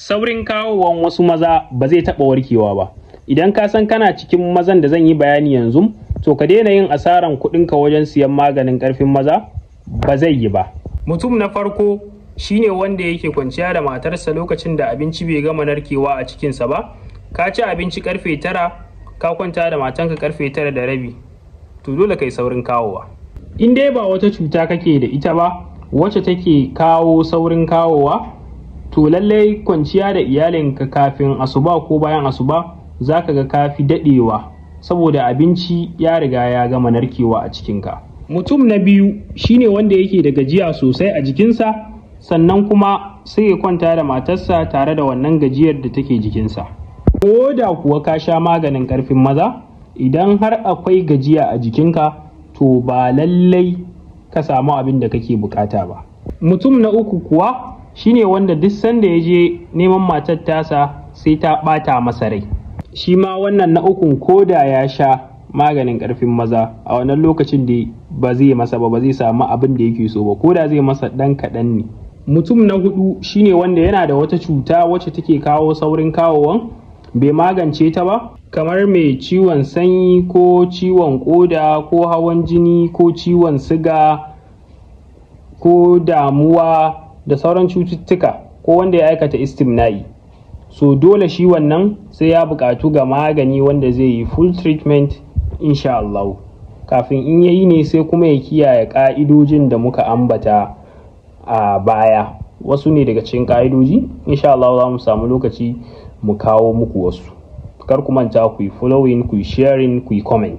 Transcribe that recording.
saurin kawowan wasu maza ba zai taɓa warkewa ba idan ka san kana cikin mazan da zan yi bayani yanzu to ka daina yin asaran kuɗinka wajen siyan maganin ƙarfin maza ba zai yi ba mutum na farko shi ne wanda yake kwanciya da matarsa lokacin da abinci bai gama narkewa a cikinsa ba ka ci abinci karfe tara ka kwanta da matanka karfe tara da rabi to dole kai saurin kawowa in dai ba wata cuta kake da ita ba wacce take kawo saurin kawowa to lallai kwanciya da iyalinka kafin asuba ko bayan asuba za ka ga kafi daɗewa saboda abinci ya riga ya gama narkewa a cikinka mutum na biyu shine wanda yake da gajiya sosai a jikinsa sannan kuma sai ya kwanta da matarsa tare da wannan gajiyar da take jikinsa ko da kuwa ka sha maganin karfin maza idan har akwai gajiya a jikinka to ba lallai ka samu abin da kake bukata ba mutum na uku kuwa shine wanda duk sanda ya je neman matar tasa sai ta ɓata masa rai shi ma wannan na ukun ko da ya sha maganin ƙarfin maza a wannan lokacin da ba zai masa ba ba zai samu abin da yake so ba koda zai masa ɗan kaɗan ne mutum na hudu shine wanda yana da wata cuta wacce take kawo saurin kawowan bai magance ta ba kamar mai ciwon sanyi ko ciwon koda ko hawan jini ko ciwon siga ko damuwa da sauran cututtuka ko wanda ya aikata istimna'i so dole shi wannan sai ya buƙatu ga magani wanda zai yi full treatment insha Allah kafin in yayi ne sai kuma ya kiyaye ƙa'idojin da muka ambata a baya wasu ne daga cikin ƙa'idoji insha Allah za mu samu lokaci mu kawo muku wasu kar ku manta ku yi following ku yi sharing ku yi comment